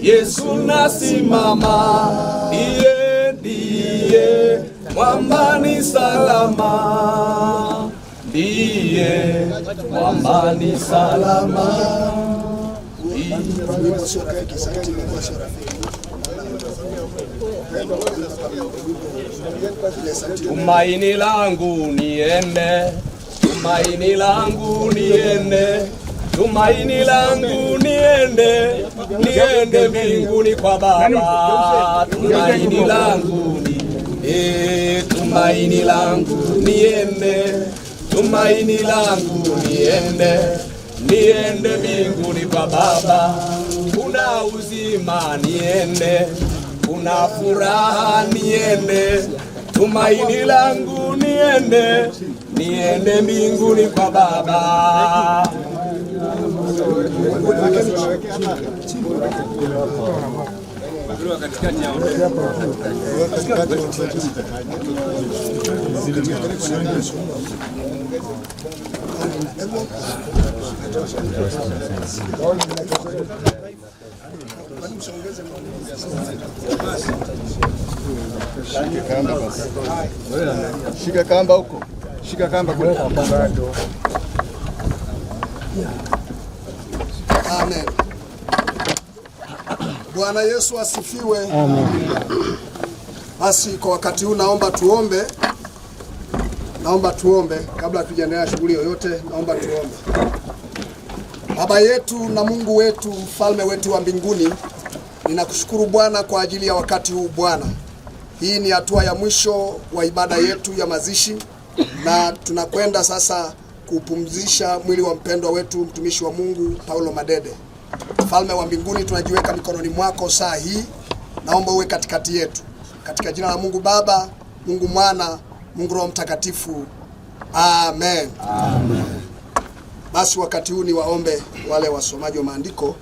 Yesu nasimama, iye ndiye mwamba ni salama, ndiye mwamba ni salama. Tumaini langu niende, Ene, tumaini langu niende Tumaini langu niende niende mbinguni kwa Baba, tumaini langu eh, tumaini langu niende, tumaini langu niende niende mbinguni kwa Baba. Kuna uzima niende, kuna furaha niende, tumaini langu niende niende mbinguni kwa Baba. Shika kamba huko, shika kamba kule. Amen. Bwana Yesu asifiwe. Amen. Basi kwa wakati huu naomba tuombe, naomba tuombe kabla hatujaendelea shughuli yoyote, naomba tuombe. Baba yetu na Mungu wetu, mfalme wetu wa mbinguni, ninakushukuru Bwana kwa ajili ya wakati huu Bwana. Hii ni hatua ya mwisho wa ibada yetu ya mazishi na tunakwenda sasa kupumzisha mwili wa mpendwa wetu mtumishi wa Mungu Paulo Madede. Mfalme wa mbinguni, tunajiweka mikononi mwako saa hii, naomba uwe katikati yetu, katika jina la Mungu Baba, Mungu Mwana, Mungu Roho Mtakatifu, amen, amen. Basi wakati huu ni waombe wale wasomaji wa maandiko,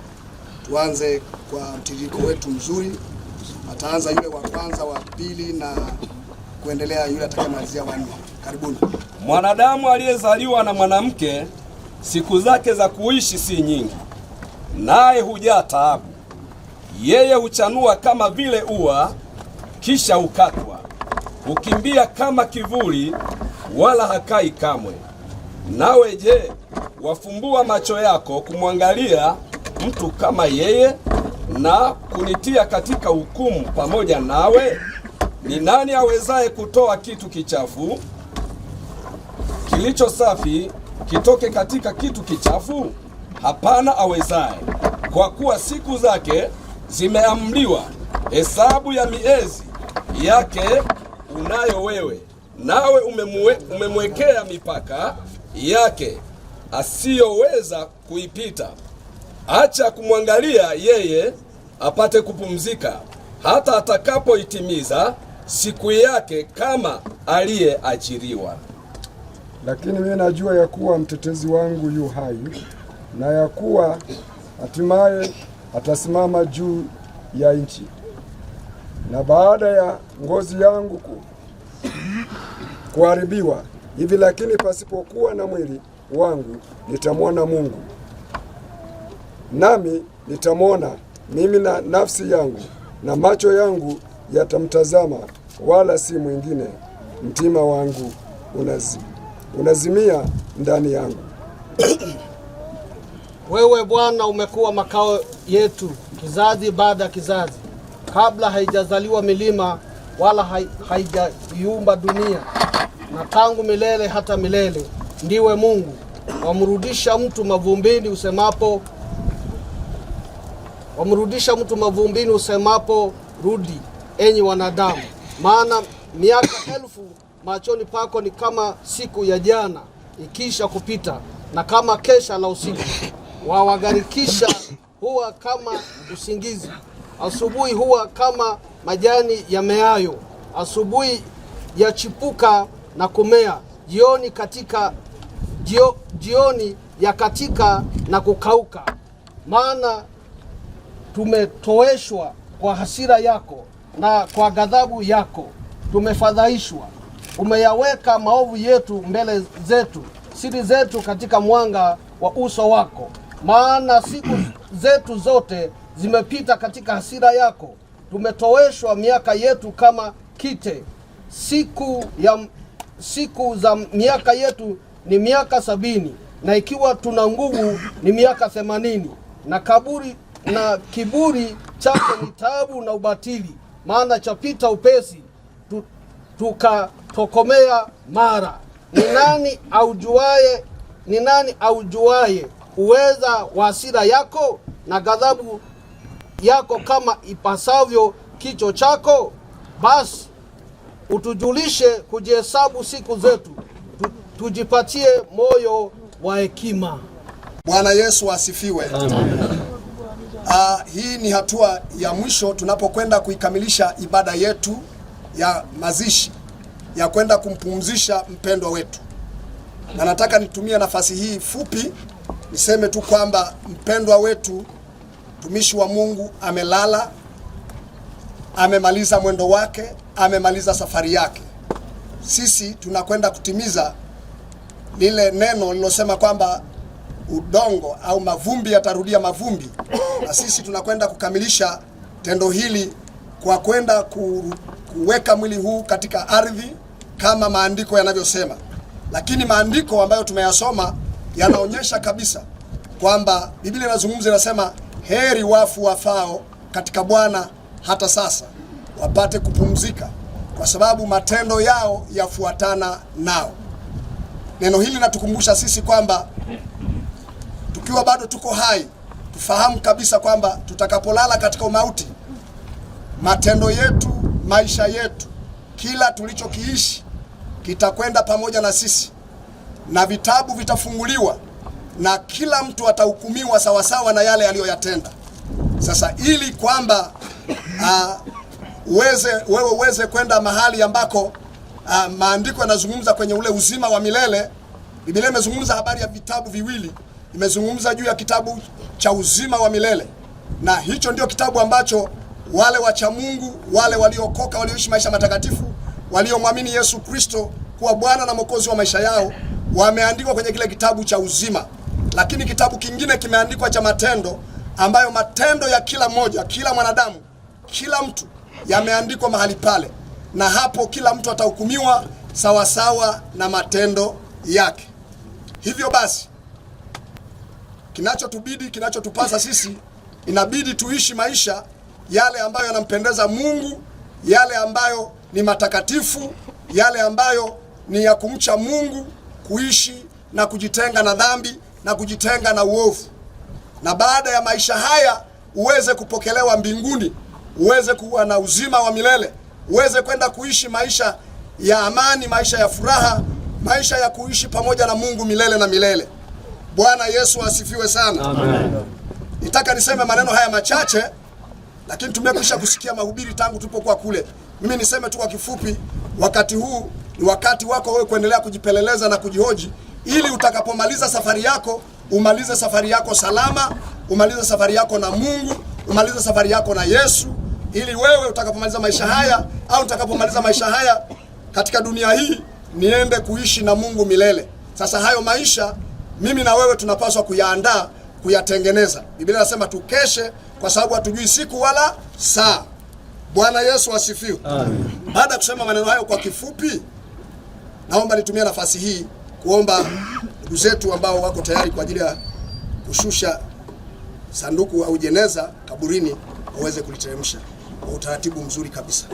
tuanze kwa mtiririko wetu mzuri. Ataanza yule wa kwanza, wa pili na kuendelea, yule atakayemalizia wanne. Karibuni. Mwanadamu aliyezaliwa na mwanamke siku zake za kuishi si nyingi, naye hujaa taabu. Yeye huchanua kama vile ua, kisha hukatwa; hukimbia kama kivuli, wala hakai kamwe. Nawe je, wafumbua macho yako kumwangalia mtu kama yeye, na kunitia katika hukumu pamoja nawe? Ni nani awezaye kutoa kitu kichafu kilicho safi kitoke katika kitu kichafu? Hapana awezaye, kwa kuwa siku zake zimeamriwa. Hesabu ya miezi yake unayo wewe, nawe umemwe, umemwekea mipaka yake asiyoweza kuipita. Acha kumwangalia yeye apate kupumzika, hata atakapoitimiza siku yake kama aliyeajiriwa lakini mimi najua ya kuwa mtetezi wangu yu hai na ya kuwa hatimaye atasimama juu ya nchi, na baada ya ngozi yangu ku, kuharibiwa hivi, lakini pasipokuwa na mwili wangu nitamwona Mungu, nami nitamwona mimi na nafsi yangu na macho yangu yatamtazama, wala si mwingine. Mtima wangu unazima unazimia ndani yangu. Wewe Bwana umekuwa makao yetu kizazi baada ya kizazi, kabla haijazaliwa milima wala haijaiumba dunia, na tangu milele hata milele ndiwe Mungu wamrudisha mtu mavumbini usemapo, wamrudisha mtu mavumbini usemapo, rudi enyi wanadamu, maana miaka elfu machoni pako ni kama siku ya jana ikiisha kupita na kama kesha la usiku wawagarikisha huwa kama usingizi. Asubuhi huwa kama majani yameayo, asubuhi yachipuka na kumea, jioni katika jio, jioni ya katika na kukauka. Maana tumetoeshwa kwa hasira yako na kwa ghadhabu yako tumefadhaishwa Umeyaweka maovu yetu mbele zetu, siri zetu katika mwanga wa uso wako, maana siku zetu zote zimepita katika hasira yako. Tumetoweshwa miaka yetu kama kite, siku ya siku za miaka yetu ni miaka sabini, na ikiwa tuna nguvu ni miaka themanini. Na kaburi na kiburi chake ni taabu na ubatili, maana chapita upesi tuka Tokomea mara. Ni nani aujuaye, ni nani aujuaye uweza wa hasira yako na ghadhabu yako kama ipasavyo kicho chako? Basi utujulishe kujihesabu siku zetu, tujipatie moyo wa hekima. Bwana Yesu asifiwe. Ah, hii ni hatua ya mwisho tunapokwenda kuikamilisha ibada yetu ya mazishi ya kwenda kumpumzisha mpendwa wetu, na nataka nitumie nafasi hii fupi niseme tu kwamba mpendwa wetu mtumishi wa Mungu amelala, amemaliza mwendo wake, amemaliza safari yake. Sisi tunakwenda kutimiza lile neno lilosema kwamba udongo au mavumbi yatarudia mavumbi, na sisi tunakwenda kukamilisha tendo hili kwa kwenda kuweka mwili huu katika ardhi kama maandiko yanavyosema, lakini maandiko ambayo tumeyasoma yanaonyesha kabisa kwamba Biblia inazungumza, inasema heri wafu wafao katika Bwana hata sasa wapate kupumzika, kwa sababu matendo yao yafuatana nao. Neno hili natukumbusha sisi kwamba tukiwa bado tuko hai tufahamu kabisa kwamba tutakapolala katika umauti, matendo yetu, maisha yetu kila tulichokiishi kitakwenda pamoja na sisi na vitabu vitafunguliwa na kila mtu atahukumiwa sawasawa na yale aliyoyatenda. Sasa ili kwamba ah, uweze uh, wewe uweze kwenda mahali ambako uh, maandiko yanazungumza kwenye ule uzima wa milele. Biblia imezungumza habari ya vitabu viwili, imezungumza juu ya kitabu cha uzima wa milele, na hicho ndio kitabu ambacho wale wacha Mungu, wale waliokoka, walioishi maisha matakatifu waliomwamini Yesu Kristo kuwa Bwana na Mwokozi wa maisha yao wameandikwa kwenye kile kitabu cha uzima, lakini kitabu kingine kimeandikwa cha matendo, ambayo matendo ya kila mmoja, kila mwanadamu, kila mtu yameandikwa mahali pale, na hapo kila mtu atahukumiwa sawasawa na matendo yake. Hivyo basi, kinachotubidi, kinachotupasa sisi, inabidi tuishi maisha yale ambayo yanampendeza Mungu, yale ambayo ni matakatifu, yale ambayo ni ya kumcha Mungu, kuishi na kujitenga na dhambi na kujitenga na uovu, na baada ya maisha haya uweze kupokelewa mbinguni, uweze kuwa na uzima wa milele, uweze kwenda kuishi maisha ya amani, maisha ya furaha, maisha ya kuishi pamoja na Mungu milele na milele. Bwana Yesu asifiwe sana. Amen. Nitaka niseme maneno haya machache lakini tumekwisha kusikia mahubiri tangu tulipokuwa kule. Mimi niseme tu kwa kifupi, wakati huu ni wakati wako wewe kuendelea kujipeleleza na kujihoji, ili utakapomaliza safari yako umalize safari yako salama, umalize safari yako na Mungu, umalize safari yako na Yesu, ili wewe utakapomaliza maisha haya au utakapomaliza maisha haya katika dunia hii niende kuishi na Mungu milele. Sasa hayo maisha mimi na wewe tunapaswa kuyaandaa, kuyatengeneza. Biblia inasema tukeshe kwa sababu hatujui siku wala saa. Bwana Yesu asifiwe. Baada ya kusema maneno hayo kwa kifupi, naomba nitumie nafasi hii kuomba ndugu zetu ambao wako tayari kwa ajili ya kushusha sanduku au jeneza kaburini waweze kuliteremsha kwa utaratibu mzuri kabisa.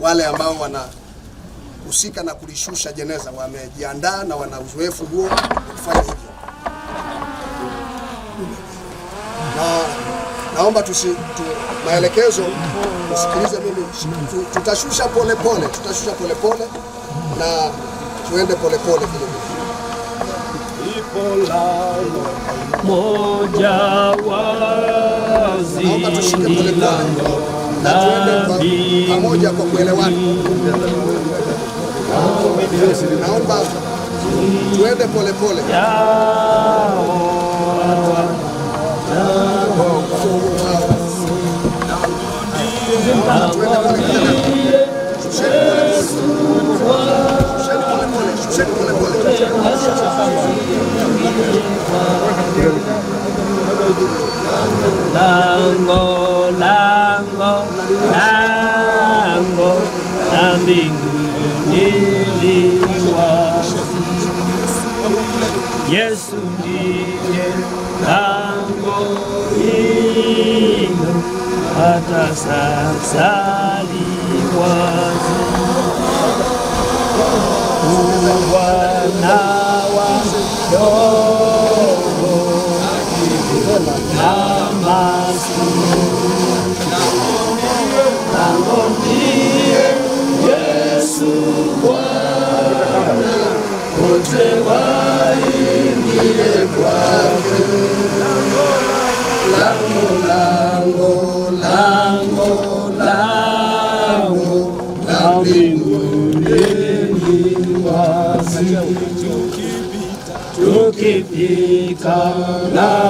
Wale ambao wanahusika na kulishusha jeneza wamejiandaa na wana uzoefu huo kufanya hivyo na naomba tusi, tu, maelekezo usikilize mimi, tutashusha polepole pole, tutashusha polepole pole, na tuende polepole vile moja wazi, naomba tushike pole na tuende pamoja kwa kuelewana. Naomba tuende polepole pole. la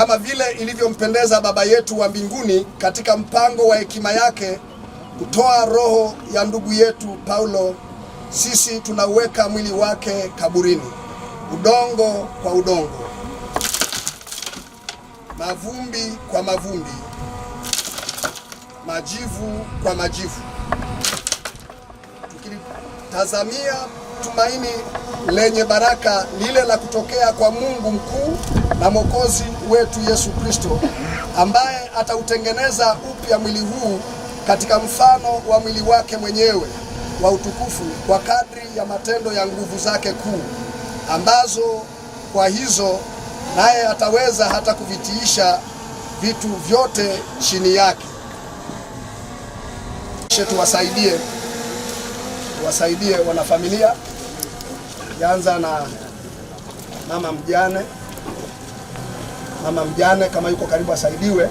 kama vile ilivyompendeza Baba yetu wa mbinguni katika mpango wa hekima yake kutoa roho ya ndugu yetu Paulo, sisi tunauweka mwili wake kaburini, udongo kwa udongo, mavumbi kwa mavumbi, majivu kwa majivu, tukitazamia tumaini lenye baraka lile la kutokea kwa Mungu mkuu na Mwokozi wetu Yesu Kristo, ambaye atautengeneza upya mwili huu katika mfano wa mwili wake mwenyewe wa utukufu kwa kadri ya matendo ya nguvu zake kuu, ambazo kwa hizo naye ataweza hata kuvitiisha vitu vyote chini yake. Tuwasaidie, tuwasaidie wanafamilia, yanza na mama mjane mama mjane kama yuko karibu asaidiwe.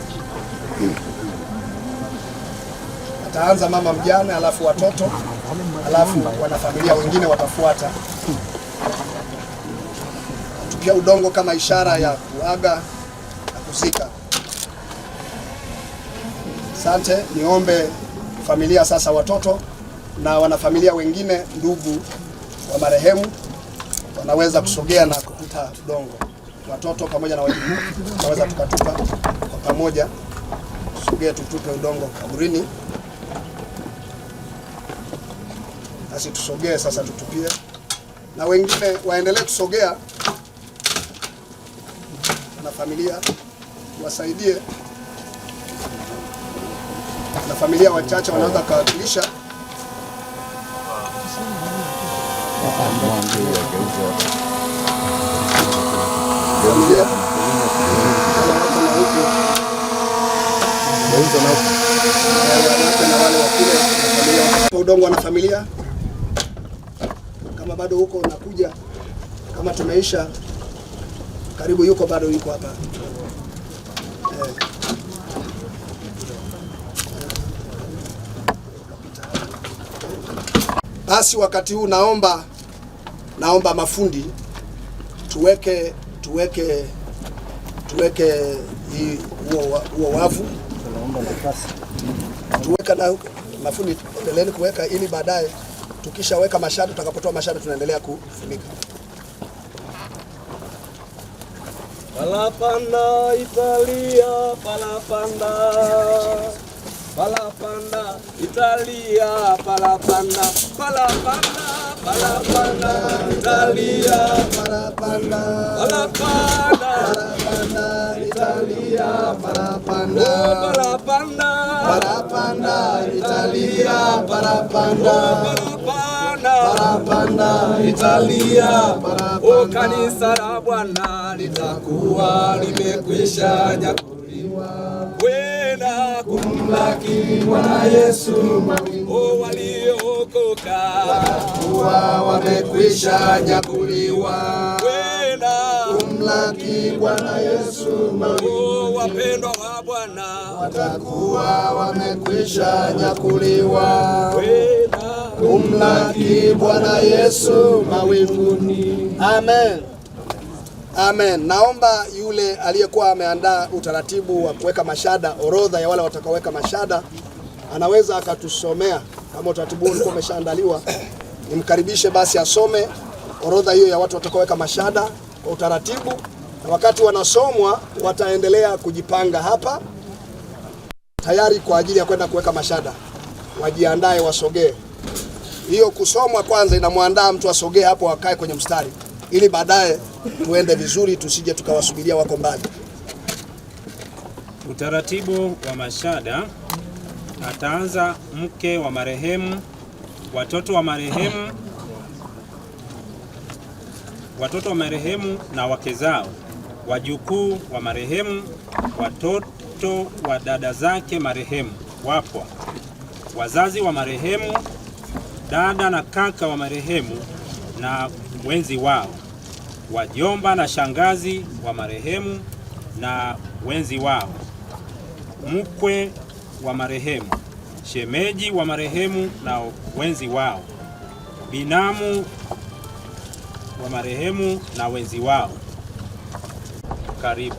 Ataanza mama mjane, alafu watoto, alafu wanafamilia wengine watafuata. Tupia udongo kama ishara ya kuaga na kuzika. Asante, niombe familia sasa, watoto na wanafamilia wengine, ndugu wa marehemu wanaweza kusogea na kukuta udongo watoto pamoja na wajibu tunaweza tukatupa kwa pamoja, tusogee tutupe udongo kaburini. Basi tusogee sasa, tutupie na wengine waendelee kusogea na familia wasaidie, na familia wachache wanaweza kuwakilisha udongo wana familia kama bado huko nakuja, kama tumeisha karibu, yuko bado yuko hapa eh. Basi wakati huu naomba naomba mafundi tuweke tuweke tuweke huo wavu tuweka na mafuni endeleeni kuweka ili baadaye tukishaweka mashada, tutakapotoa mashada tunaendelea kufunika palapanda Italia palapanda palapanda Italia palapanda palapanda palapanda Italia palapanda parapanda italia, parapanda parapanda parapanda italia, parapanda o kanisa la Bwana litakuwa limekwisha nyakuliwa, wenda kumlaki Bwana Yesu, o waliookoka watakuwa wamekwisha nyakuliwa kumlaki Bwana Yesu mawingu, oh, wapendwa wa Bwana watakuwa wamekwisha nyakuliwa. Kumlaki Bwana Yesu mawinguni. Amen. Amen. Naomba yule aliyekuwa ameandaa utaratibu wa kuweka mashada, orodha ya wale watakaoweka mashada, anaweza akatusomea kama utaratibu huu ulikuwa umeshaandaliwa. Nimkaribishe basi asome orodha hiyo ya watu watakaoweka mashada kwa utaratibu, na wakati wanasomwa wataendelea kujipanga hapa tayari kwa ajili ya kwenda kuweka mashada, wajiandae, wasogee. Hiyo kusomwa kwanza inamwandaa mtu asogee hapo, akae kwenye mstari, ili baadaye tuende vizuri, tusije tukawasubiria wako mbali. Utaratibu wa mashada ataanza mke wa marehemu, watoto wa marehemu watoto wa marehemu na wake zao, wajukuu wa marehemu, watoto wa dada zake marehemu wapwa, wazazi wa marehemu, dada na kaka wa marehemu na wenzi wao, wajomba na shangazi wa marehemu na wenzi wao, mkwe wa marehemu, shemeji wa marehemu na wenzi wao, binamu wa marehemu na wenzi wao. Karibu.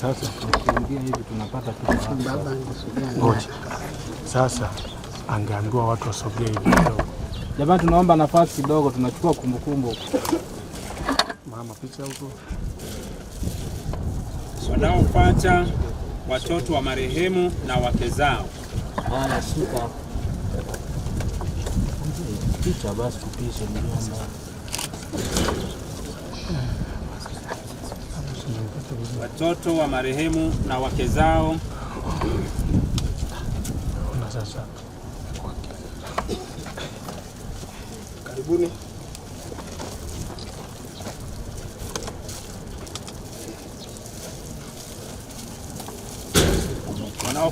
Sasa tukiingia hivi tunapata Sasa angeambiwa watu wasogee hivi kidogo. Jamani, tunaomba nafasi kidogo, tunachukua kumbukumbu. Mama, picha huko wanaopata watoto wa marehemu na wake zao. basi, kupisha Watoto wa marehemu na wake zao karibuni.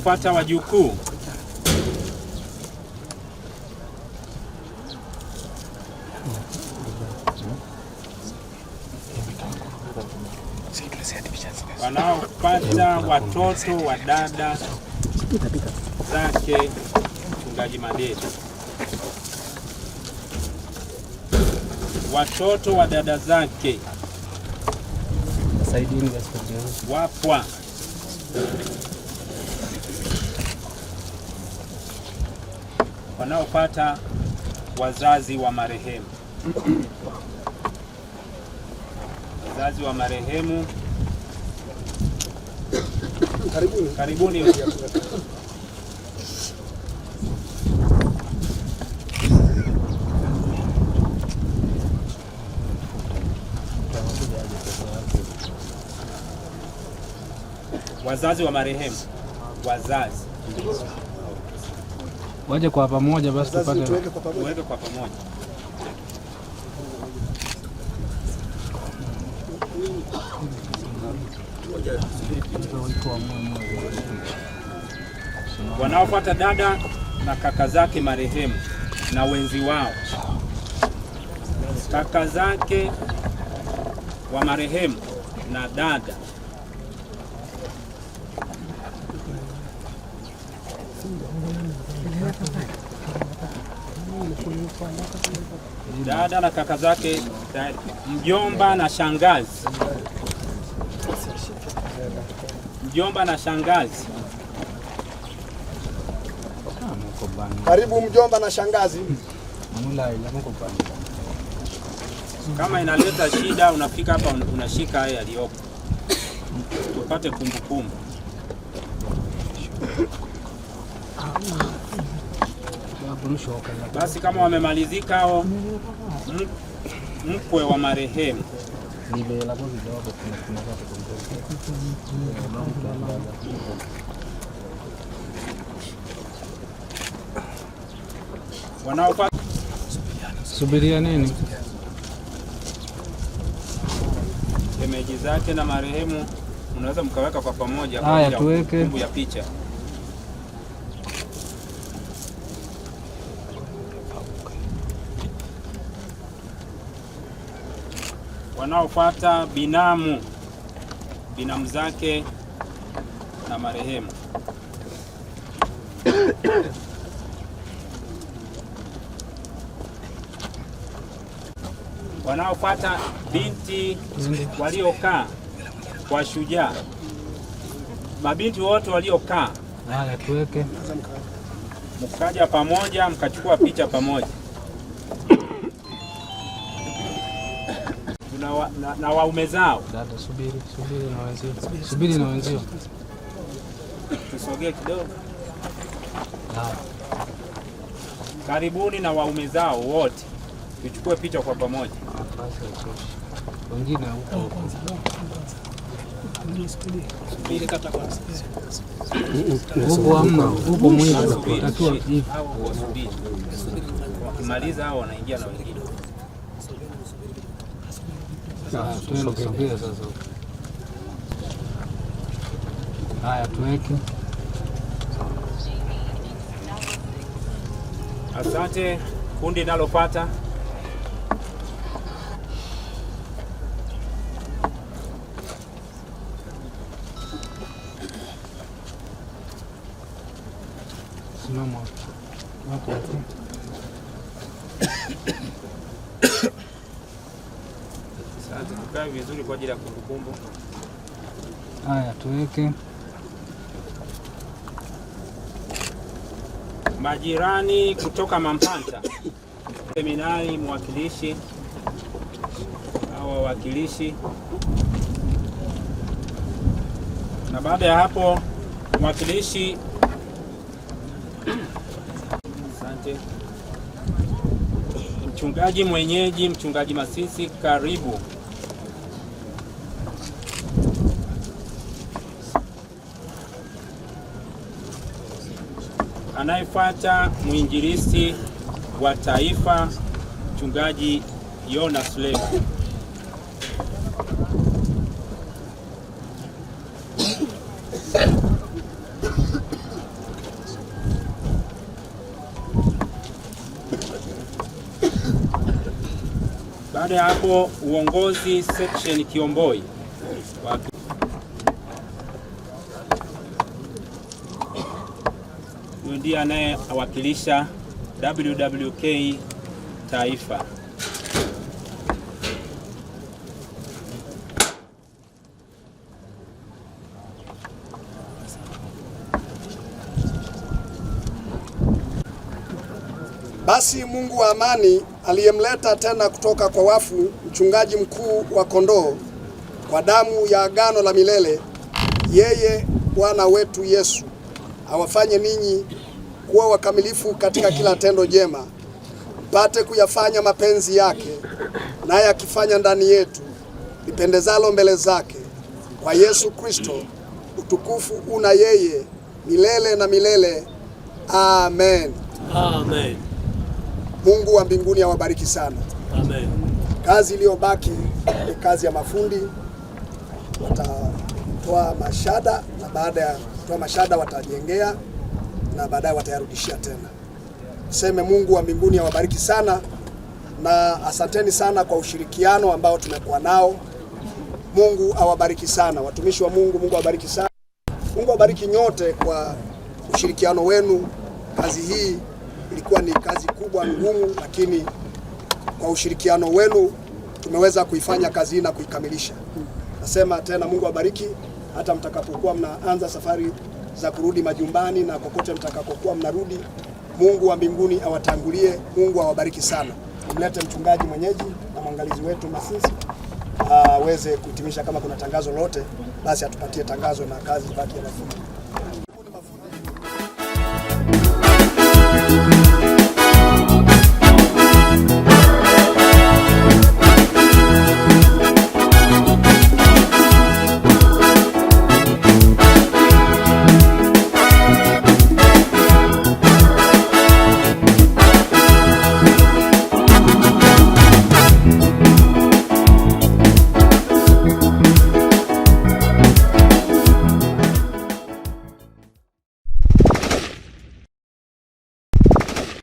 wanaopata wajukuu. wanaopata watoto wa dada zake Mchungaji Madede, watoto wa dada zake wapwa wanaopata wazazi wa marehemu. Wazazi wa marehemu, karibuni, karibuni. wazazi wa marehemu, wazazi waje kwa pamoja basi tupate kwa pamoja. Wanaofuata dada na kaka zake marehemu na wenzi wao, kaka zake wa marehemu na dada dada na kaka zake, mjomba na shangazi, mjomba na shangazi. Karibu mjomba na shangazi. Kama inaleta shida, unafika hapa unashika haya yaliyopo, tupate kumbukumbu. Basi kama wamemalizika hao, mkwe wa marehemu wanaopa subiria nini shemeji zake na marehemu, unaweza mkaweka kwa pamoja, haya tuweke kumbu ya picha. wanaofuata binamu binamu zake na marehemu. wanaofuata binti waliokaa kwa shujaa, mabinti wote waliokaa mkaja pamoja mkachukua picha pamoja. na, waume zao. Dada subiri, subiri na wenzio, subiri na wenzio, tusogee kidogo. Karibuni na waume zao wote, tuchukue picha kwa pamoja. Wengine huko nguvu hamna, huko mwili takiwa, wakimaliza hao wanaingia na wengine Tuende sasa. Haya, tuweke. Asante. Kundi inalopata Haya, tuweke majirani kutoka Mampanta seminari, mwakilishi au wawakilishi, na baada ya hapo mwakilishi asante. Mchungaji mwenyeji, mchungaji Masisi, karibu. Anayefuata mwinjilisti wa taifa mchungaji Yona Suleiman. Baada ya hapo uongozi section Kiomboi. ndiye anayewakilisha WWK taifa. Basi Mungu wa amani aliyemleta tena kutoka kwa wafu mchungaji mkuu wa kondoo kwa damu ya agano la milele, yeye Bwana wetu Yesu awafanye ninyi kuwa wakamilifu katika kila tendo jema, mpate kuyafanya mapenzi yake, naye akifanya ndani yetu lipendezalo mbele zake, kwa Yesu Kristo, utukufu una yeye milele na milele. Amen. Amen. Mungu wa mbinguni awabariki sana. Amen. Kazi iliyobaki ni kazi ya mafundi, watatoa mashada na baada ya kutoa mashada watajengea na baadaye watayarudishia tena. Seme Mungu wa mbinguni awabariki sana na asanteni sana kwa ushirikiano ambao tumekuwa nao. Mungu awabariki sana watumishi wa Mungu. Mungu awabariki sana. Mungu awabariki nyote kwa ushirikiano wenu. Kazi hii ilikuwa ni kazi kubwa ngumu, lakini kwa ushirikiano wenu tumeweza kuifanya kazi hii na kuikamilisha. Nasema tena Mungu awabariki hata mtakapokuwa mnaanza safari za kurudi majumbani na kokote mtakakokuwa mnarudi. Mungu wa mbinguni awatangulie, Mungu awabariki sana. Mlete mchungaji mwenyeji na mwangalizi wetu Masisi aweze kuhitimisha. Kama kuna tangazo lolote, basi atupatie tangazo na kazi baki ya mafumu.